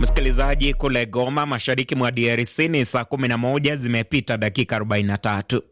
Msikilizaji, kule Goma, mashariki mwa DRC ni saa 11 zimepita dakika 43.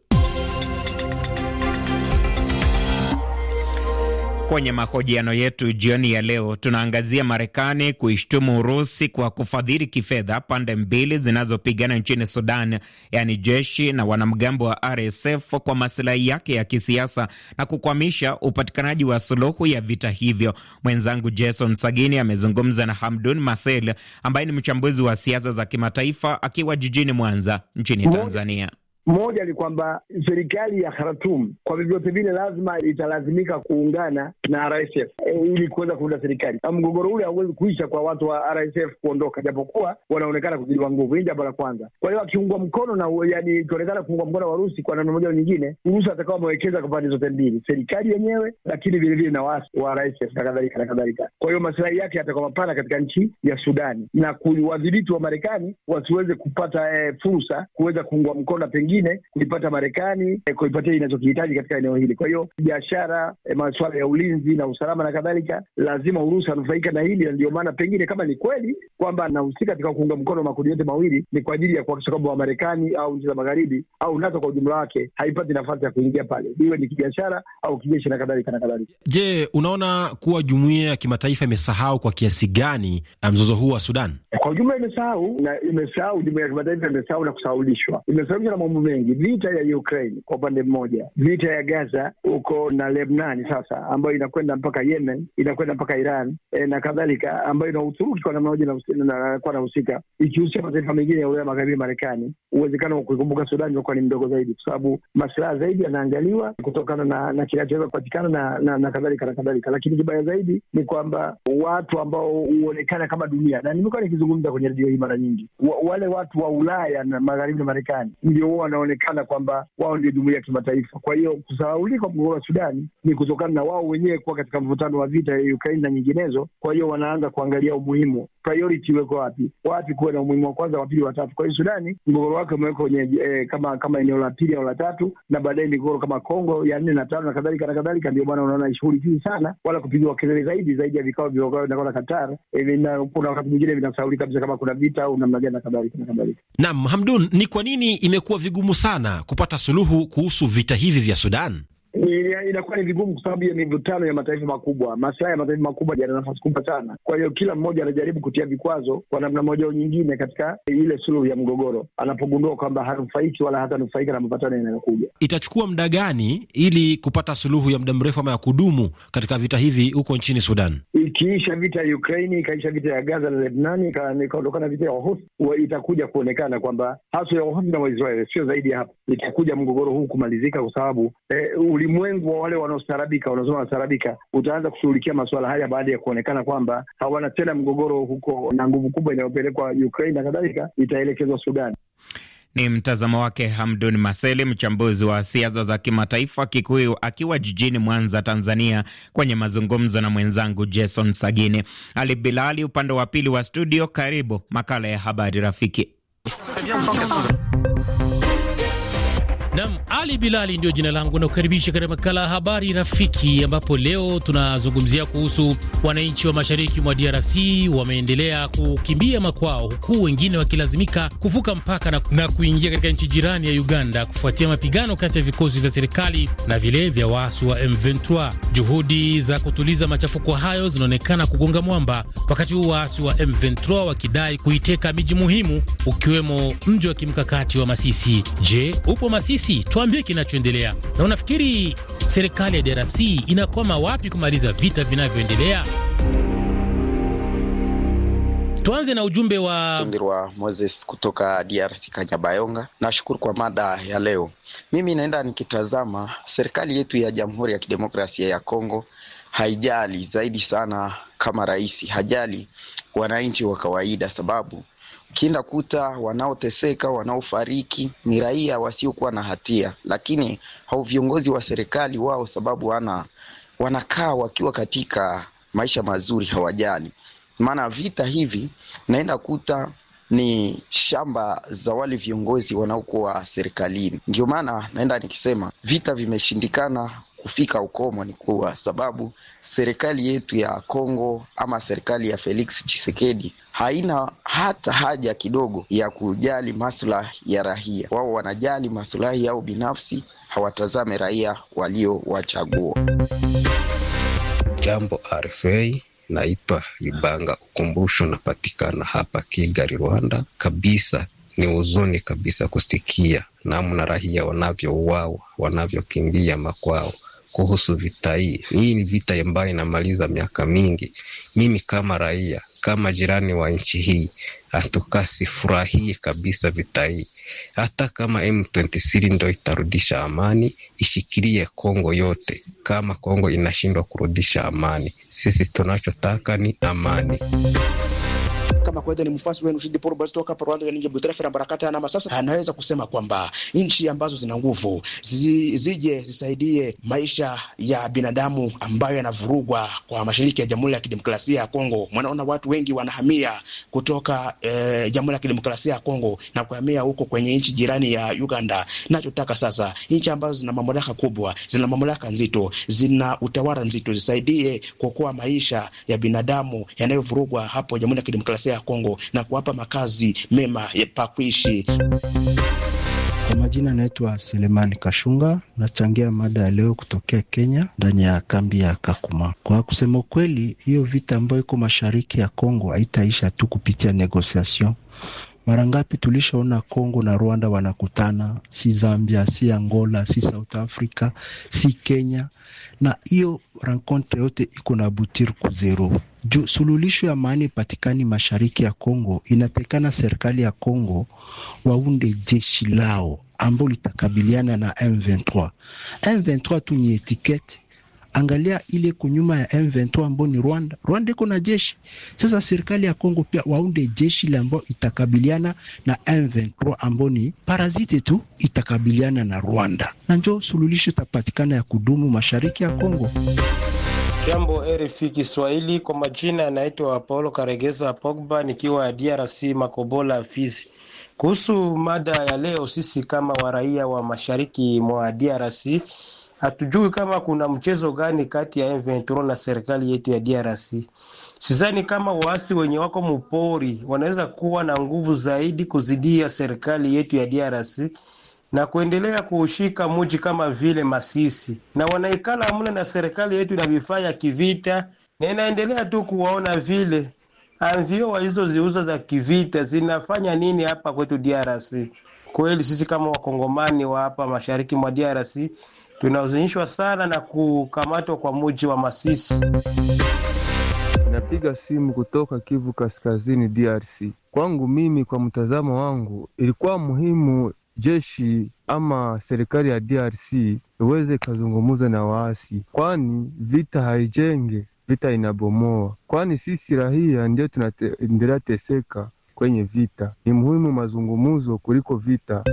Kwenye mahojiano yetu jioni ya leo tunaangazia Marekani kuishtumu Urusi kwa kufadhili kifedha pande mbili zinazopigana nchini Sudan, yaani jeshi na wanamgambo wa RSF kwa masilahi yake ya kisiasa na kukwamisha upatikanaji wa suluhu ya vita hivyo. Mwenzangu Jason Sagini amezungumza na Hamdun Masel ambaye ni mchambuzi wa siasa za kimataifa akiwa jijini Mwanza nchini Tanzania. Moja ni kwamba serikali ya Khartum kwa vyovyote vile lazima italazimika kuungana na RSF e, ili kuweza kuunda serikali. Mgogoro ule hauwezi kuisha kwa watu wa RSF kuondoka, japokuwa wanaonekana kujiliwa nguvu. Hii jambo la kwanza. Kwa hiyo akiungwa mkono na yani, ikionekana kuungwa mkono wa Urusi kwa namna moja au nyingine, Urusi atakawa amewekeza kwa pande zote mbili, serikali yenyewe, lakini vilevile na waasi wa RSF na kadhalika na kadhalika. Kwa hiyo masilahi yake yatakuwa mapana katika nchi ya Sudani na kuwadhibiti wa Marekani wasiweze kupata e, fursa kuweza kuungwa mkono na pengine nyingine kuipata Marekani, eh, kuipatia inachokihitaji katika eneo hili. Kwa hiyo biashara, eh, masuala ya ulinzi na usalama na kadhalika, lazima Urusi anufaika na hili, na ndio maana pengine, kama ni kweli kwamba anahusika katika kuunga mkono makundi yote mawili, ni kwa ajili ya kuhakikisha kwamba Wamarekani au nchi za magharibi au NATO kwa ujumla wake haipati nafasi ya kuingia pale, iwe ni kibiashara au kijeshi na kadhalika na kadhalika. Je, unaona kuwa jumuia ya kimataifa imesahau kwa kiasi gani eh, mzozo huu wa Sudan? Kwa ujumla imesahau, na imesahau jumuia ya kimataifa imesahau na kusahaulishwa, imesahaulishwa na mambo mengi, vita ya Ukraine kwa upande mmoja, vita ya Gaza huko na Lebnani sasa, ambayo inakwenda mpaka Yemen, inakwenda mpaka Iran e, na kadhalika, ambayo ina Uturuki kwa namna moja nakuwa nahusika, ikihusisha mataifa mengine ya Ulaya Magharibi, Marekani. Uwezekano wa kuikumbuka Sudani unakuwa ni mdogo zaidi, kwa sababu masilaha zaidi yanaangaliwa kutokana na na kinachoweza kupatikana na na, na kadhalika na kadhalika. Lakini kibaya zaidi ni kwamba watu ambao huonekana kama dunia, na nimekuwa nikizungumza kwenye redio hii mara nyingi, wale watu wa Ulaya na Magharibi na Marekani ndio wanaonekana kwamba wao ndio jumuia ya kimataifa. Kwa hiyo kusahaulika mgogoro wa Sudani ni kutokana na wao wenyewe kuwa katika mvutano wa vita ya Ukraini na nyinginezo. Kwa hiyo wanaanza kuangalia umuhimu priority iweko wapi, wapi kuwe na umuhimu wa kwanza, wa pili, wa tatu. Kwa hiyo Sudani mgogoro wake umewekwa kwenye eh, kama kama eneo la pili au la tatu, na baadaye migogoro kama Kongo ya nne na tano na kadhalika na kadhalika. Ndio maana unaona shughuli juu sana, wala kupigiwa kelele zaidi zaidi ya vikao vikao na Qatar. Eh, kuna wakati mwingine vinasauli kabisa kama kuna vita au namna gani na kadhalika na kadhalika. Naam, Hamdun, ni kwa nini imekuwa vigumu sana kupata suluhu kuhusu vita hivi vya Sudan? inakuwa ni vigumu kwa sababu ya mivutano ya mataifa makubwa. Maslahi ya mataifa makubwa yana nafasi kubwa sana, kwa hiyo kila mmoja anajaribu kutia vikwazo kwa namna moja au nyingine katika ile suluhu ya mgogoro, anapogundua kwamba hanufaiki wala hata nufaika na mapatano yanayokuja. Itachukua muda gani ili kupata suluhu ya muda mrefu ama ya kudumu katika vita hivi huko nchini Sudan? Ikiisha vita ya Ukraini, ikaisha vita ya Gaza na Lebnani, ikaondokana vita ya Wahosi, itakuja kuonekana kwamba haswa ya Wahosi na Waisraeli sio zaidi ya hapo, itakuja mgogoro huu kumalizika kwa sababu eh, ulimwengu wa wale wanaostarabika, wanasema wanastarabika, utaanza kushughulikia masuala haya baada ya kuonekana kwamba hawana tena mgogoro huko, na nguvu kubwa inayopelekwa Ukraine na kadhalika itaelekezwa Sudan. Ni mtazamo wake Hamdun Maseli, mchambuzi wa siasa za kimataifa Kikuyu, akiwa jijini Mwanza, Tanzania, kwenye mazungumzo na mwenzangu Jason Sagini. Ali Bilali upande wa pili wa studio. Karibu makala ya habari rafiki Nam Ali Bilali ndio jina langu, nakukaribisha katika makala ya habari rafiki, ambapo leo tunazungumzia kuhusu wananchi wa mashariki mwa DRC wameendelea kukimbia makwao, huku wengine wakilazimika kuvuka mpaka na, na kuingia katika nchi jirani ya Uganda kufuatia mapigano kati ya vikosi vya serikali na vile vya waasi wa M23. Juhudi za kutuliza machafuko hayo zinaonekana kugonga mwamba, wakati huu waasi wa M23 wakidai kuiteka miji muhimu, ukiwemo mji wa kimkakati wa Masisi. Je, upo Masisi? DRC, tuambie kinachoendelea, na unafikiri serikali ya DRC inakwama wapi kumaliza vita vinavyoendelea? Tuanze na ujumbe wa wa Moses kutoka DRC Kanyabayonga. Nashukuru kwa mada ya leo. Mimi naenda nikitazama serikali yetu ya Jamhuri ya Kidemokrasia ya Kongo haijali zaidi sana, kama rais hajali wananchi wa kawaida, sababu kienda kuta wanaoteseka wanaofariki ni raia wasiokuwa na hatia, lakini hao viongozi wa serikali wao, sababu wana wanakaa wakiwa katika maisha mazuri, hawajali. Maana vita hivi naenda kuta ni shamba za wale viongozi wanaokuwa serikalini. Ndio maana naenda nikisema vita vimeshindikana kufika ukomo ni kuwa sababu serikali yetu ya Kongo ama serikali ya Felix Tshisekedi haina hata haja kidogo ya kujali maslahi ya raia. Wao wanajali maslahi yao binafsi, hawatazame raia waliowachagua. Jambo RFA, naitwa Ibanga Ukumbusho, napatikana hapa Kigali, Rwanda. Kabisa ni huzuni kabisa kusikia namna raia wanavyouawa, wanavyokimbia makwao kuhusu vita hii. Hii ni vita ambayo inamaliza miaka mingi. Mimi kama raia, kama jirani wa nchi hii, hatukaa sifurahii kabisa vita hii, hata kama M23 ndo itarudisha amani, ishikilie Kongo yote. Kama Kongo inashindwa kurudisha amani, sisi tunachotaka ni amani kama kawaida ni mfasi wenu Shidi Paul Basi toka Rwanda ya Ninja Butrefe na Barakata ya Nama. Sasa anaweza kusema kwamba nchi ambazo zina nguvu zi, zije zisaidie maisha ya binadamu ambayo yanavurugwa kwa mashariki ya Jamhuri ya Kidemokrasia ya Kongo. Mwanaona watu wengi wanahamia kutoka eh, Jamhuri ya Kidemokrasia ya Kongo na kuhamia huko kwenye nchi jirani ya Uganda. Nachotaka sasa nchi ambazo zina mamlaka kubwa, zina mamlaka nzito, zina utawala nzito zisaidie kuokoa maisha ya binadamu yanayovurugwa hapo Jamhuri ya Kidemokrasia ya Kongo na kuwapa makazi mema pa kuishi. Kwa majina anaitwa Selemani Kashunga, nachangia mada ya leo kutokea Kenya, ndani ya kambi ya Kakuma. Kwa kusema ukweli, hiyo vita ambayo iko mashariki ya Kongo haitaisha tu kupitia negosiation mara ngapi tulishaona Kongo na Rwanda wanakutana, si Zambia, si Angola, si South Africa, si Kenya, na hiyo renkontre yote iko na butiri kuzero juu suluhisho ya maana ipatikani mashariki ya Kongo. Inatekana serikali ya Kongo waunde jeshi lao ambao litakabiliana na M23. M23 tu ni etiketi Angalia ile kunyuma ya M23 ambao ni Rwanda. Rwanda iko na jeshi sasa. Serikali ya Kongo pia waunde jeshi la ambao itakabiliana na M23 ambao ni parazite tu, itakabiliana na Rwanda na njo suluhisho itapatikana ya kudumu mashariki ya Kongo. Jambo RFI Kiswahili, kwa majina yanaitwa Apollo Karegeza Pogba, nikiwa DRC Makobola Fizi. Kuhusu mada ya leo, sisi kama waraia wa mashariki mwa DRC Hatujui kama kuna mchezo gani kati ya M23 na serikali yetu ya DRC. Sizani kama waasi wenye wako mupori wanaweza kuwa na nguvu zaidi kuzidia serikali yetu ya DRC na kuendelea kuushika muji kama vile Masisi, na wanaikala mle na serikali yetu na vifaa ya kivita, na inaendelea tu kuwaona vile anvio hizo walizoziuza za kivita zinafanya nini hapa kwetu DRC. Kweli sisi kama wakongomani wa hapa mashariki mwa DRC tunahuzunishwa sana na kukamatwa kwa muji wa Masisi. Napiga simu kutoka Kivu Kaskazini, DRC. Kwangu mimi, kwa mtazamo wangu, ilikuwa muhimu jeshi ama serikali ya DRC iweze ikazungumuza na waasi, kwani vita haijenge, vita inabomoa, kwani sisi rahia ndio tunaendelea teseka kwenye vita. Ni muhimu mazungumuzo kuliko vita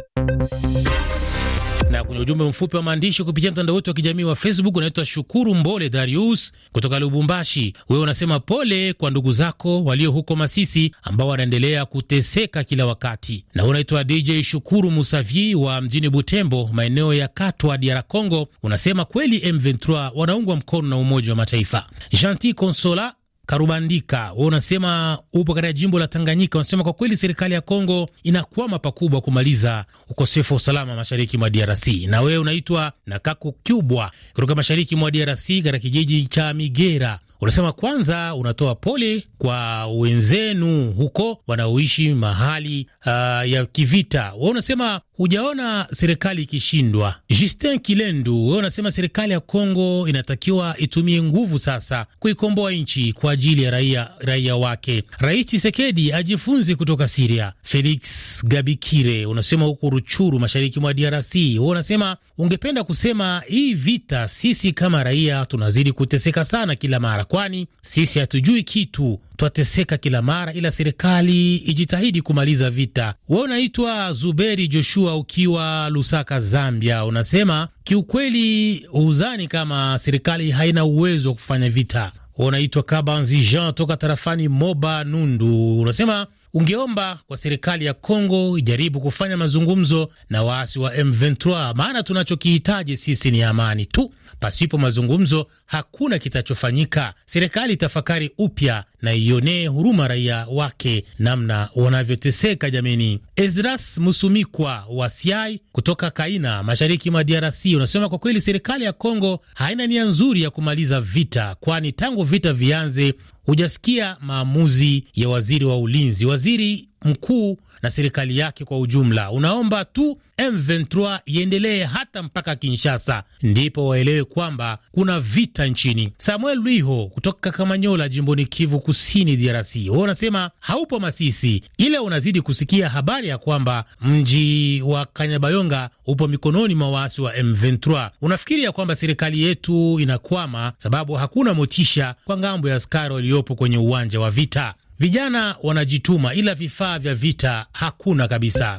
na kwenye ujumbe mfupi wa maandishi kupitia mtandao wetu wa kijamii wa Facebook unaitwa Shukuru Mbole Darius kutoka Lubumbashi. Wewe unasema pole kwa ndugu zako walio huko Masisi ambao wanaendelea kuteseka kila wakati. Na unaitwa DJ Shukuru Musavi wa mjini Butembo, maeneo ya Katwa, DR Congo, unasema kweli M23 wanaungwa mkono na Umoja wa Mataifa. Gentil Consola Karubandika, wewe unasema upo katika jimbo la Tanganyika, unasema kwa kweli serikali ya Kongo inakwama pakubwa kumaliza ukosefu wa usalama mashariki mwa DRC. Na wewe unaitwa na Kubwa kutoka mashariki mwa DRC katika kijiji cha Migera Unasema kwanza unatoa pole kwa wenzenu huko wanaoishi mahali uh, ya kivita. We unasema hujaona serikali ikishindwa. Justin Kilendu, we unasema serikali ya Kongo inatakiwa itumie nguvu sasa kuikomboa nchi kwa ajili ya raia, raia wake. Rais Chisekedi ajifunze kutoka Siria. Felix Gabikire, unasema huko Ruchuru, mashariki mwa DRC, we unasema ungependa kusema hii vita, sisi kama raia tunazidi kuteseka sana kila mara kwani sisi hatujui kitu, twateseka kila mara, ila serikali ijitahidi kumaliza vita. We unaitwa Zuberi Joshua ukiwa Lusaka, Zambia, unasema kiukweli huzani kama serikali haina uwezo wa kufanya vita. We unaitwa Kabanzi Jean toka tarafani Moba Nundu, unasema ungeomba kwa serikali ya Kongo ijaribu kufanya mazungumzo na waasi wa M23, maana tunachokihitaji sisi ni amani tu. Pasipo mazungumzo hakuna kitachofanyika. Serikali itafakari upya na ionee huruma raia wake namna wanavyoteseka. jamini Ezras Musumikwa wa Siai kutoka Kaina, mashariki mwa DRC, unasema kwa kweli serikali ya Kongo haina nia nzuri ya kumaliza vita, kwani tangu vita vianze Hujasikia maamuzi ya waziri wa ulinzi. Waziri mkuu na serikali yake kwa ujumla. Unaomba tu M23 iendelee hata mpaka Kinshasa, ndipo waelewe kwamba kuna vita nchini. Samuel Lwiho kutoka Kamanyola, jimboni Kivu Kusini, DRC. Wao unasema haupo Masisi, ila unazidi kusikia habari ya kwamba mji wa Kanyabayonga upo mikononi mwa waasi wa M23. Unafikiri ya kwamba serikali yetu inakwama, sababu hakuna motisha kwa ngambo ya askari waliopo kwenye uwanja wa vita. Vijana wanajituma ila vifaa vya vita hakuna kabisa.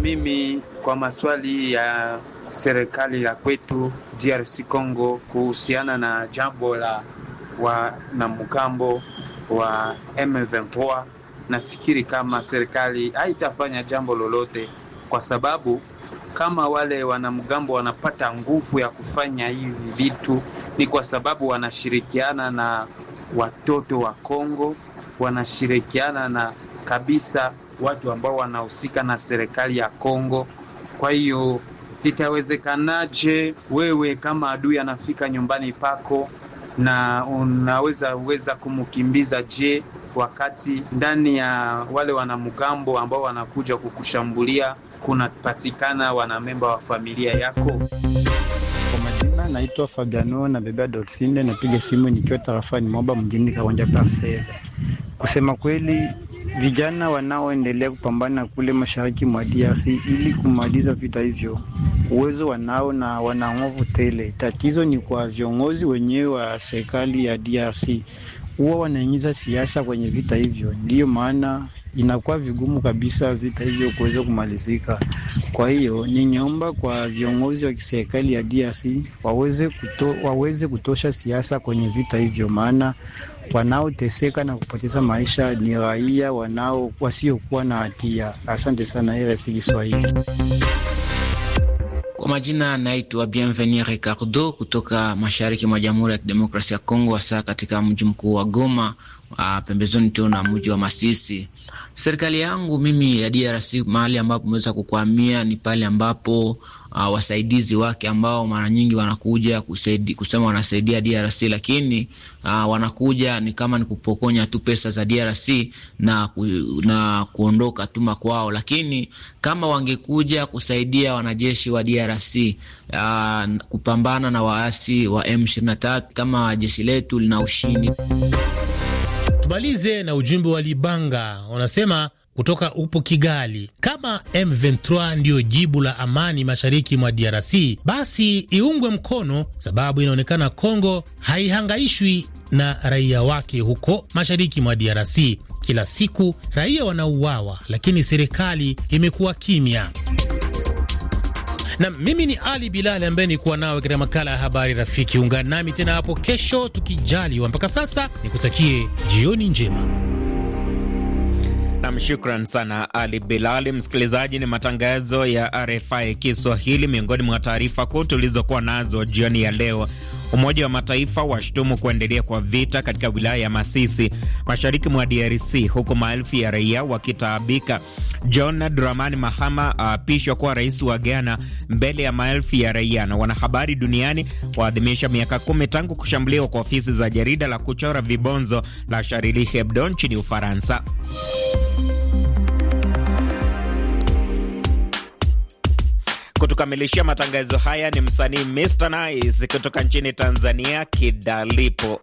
Mimi kwa maswali ya serikali ya kwetu DRC Congo kuhusiana na jambo la wanamgambo wa M23, nafikiri kama serikali haitafanya jambo lolote, kwa sababu kama wale wanamgambo wanapata nguvu ya kufanya hivi vitu ni kwa sababu wanashirikiana na watoto wa Kongo wanashirikiana na kabisa watu ambao wanahusika na serikali ya Kongo. Kwa hiyo itawezekanaje wewe kama adui anafika nyumbani pako na unaweza weza kumkimbiza je, wakati ndani ya wale wanamgambo ambao wanakuja kukushambulia kunapatikana wanamemba wa familia yako? naitwa Fabiano na bebe Adolfine, napiga simu nikiwa tarafani Moba mjini Karonja parcel Kusema kweli, vijana wanaoendelea kupambana kule mashariki mwa DRC ili kumaliza vita hivyo, uwezo wanao na wana nguvu tele. Tatizo ni kwa viongozi wenyewe wa serikali ya DRC, huwa wanaingiza siasa kwenye vita hivyo, ndiyo maana inakuwa vigumu kabisa vita hivyo kuweza kumalizika. Kwa hiyo ningeomba kwa viongozi wa kiserikali ya DRC waweze, kuto, waweze kutosha siasa kwenye vita hivyo, maana wanaoteseka na kupoteza maisha ni raia wanao wasiokuwa na hatia. Asante sana RFI Kiswahili. Kwa majina naitwa Bienvenu Ricardo kutoka mashariki mwa Jamhuri ya Kidemokrasia ya Kongo, hasa katika mji mkuu wa Goma, ah, pembezoni tio na mji wa Masisi. Serikali yangu mimi ya DRC mahali ambapo umeweza kukwamia ni pale ambapo uh, wasaidizi wake ambao mara nyingi wanakuja kusaidi, kusema wanasaidia DRC lakini uh, wanakuja ni kama ni kupokonya tu pesa za DRC na, ku, na kuondoka tuma kwao, Lakini kama wangekuja kusaidia wanajeshi wa DRC uh, ah, kupambana na waasi wa M23 kama jeshi letu lina ushindi Tumalize na ujumbe wa Libanga, unasema kutoka upo Kigali, kama M23 ndiyo jibu la amani mashariki mwa DRC basi iungwe mkono, sababu inaonekana Kongo haihangaishwi na raia wake huko mashariki mwa DRC. Kila siku raia wanauawa, lakini serikali imekuwa kimya na mimi ni Ali Bilali ambaye kuwa nawe katika makala ya habari rafiki. Ungana nami tena hapo kesho tukijaliwa. Mpaka sasa nikutakie jioni njema. Nam, shukran sana Ali Bilali. Msikilizaji, ni matangazo ya RFI Kiswahili. Miongoni mwa taarifa kuu tulizokuwa nazo jioni ya leo, Umoja wa Mataifa washtumu kuendelea kwa vita katika wilaya ya Masisi mashariki mwa DRC, huku maelfu ya raia wakitaabika. John Dramani Mahama aapishwa kuwa rais wa Ghana mbele ya maelfu ya raia. Na wanahabari duniani waadhimisha miaka kumi tangu kushambuliwa kwa ofisi za jarida la kuchora vibonzo la Charlie Hebdo nchini Ufaransa. Kutukamilishia matangazo haya ni msanii Mr Nice kutoka nchini Tanzania, Kidalipo.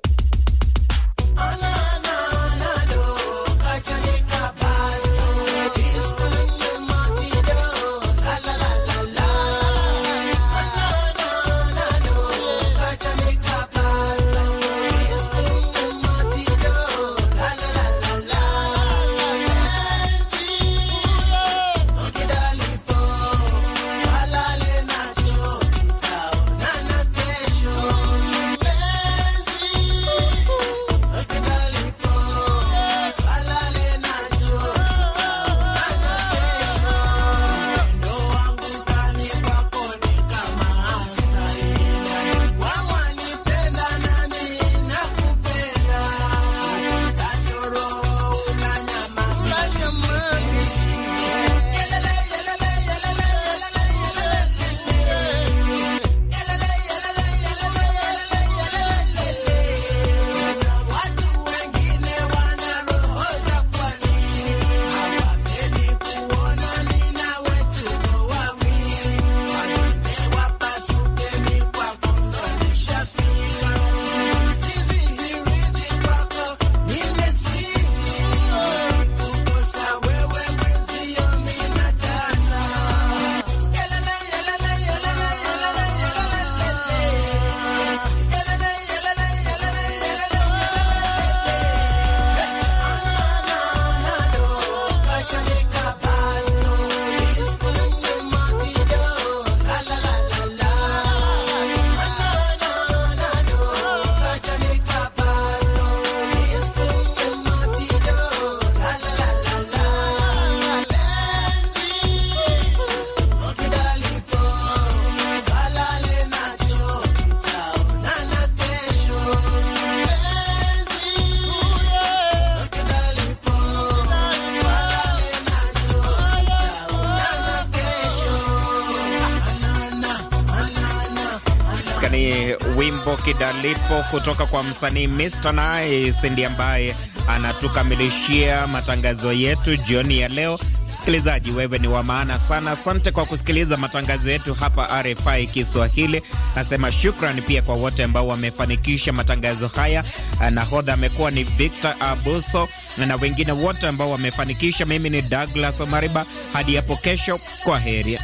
Kidalipo kutoka kwa msanii Mr Nice ndiye ambaye anatukamilishia matangazo yetu jioni ya leo. Msikilizaji, wewe ni wa maana sana. Asante kwa kusikiliza matangazo yetu hapa RFI Kiswahili. Nasema shukrani pia kwa wote ambao wamefanikisha matangazo haya. Nahodha amekuwa ni Victor Abuso na wengine wote ambao wamefanikisha. Mimi ni Douglas Omariba, hadi hapo kesho, kwa heri.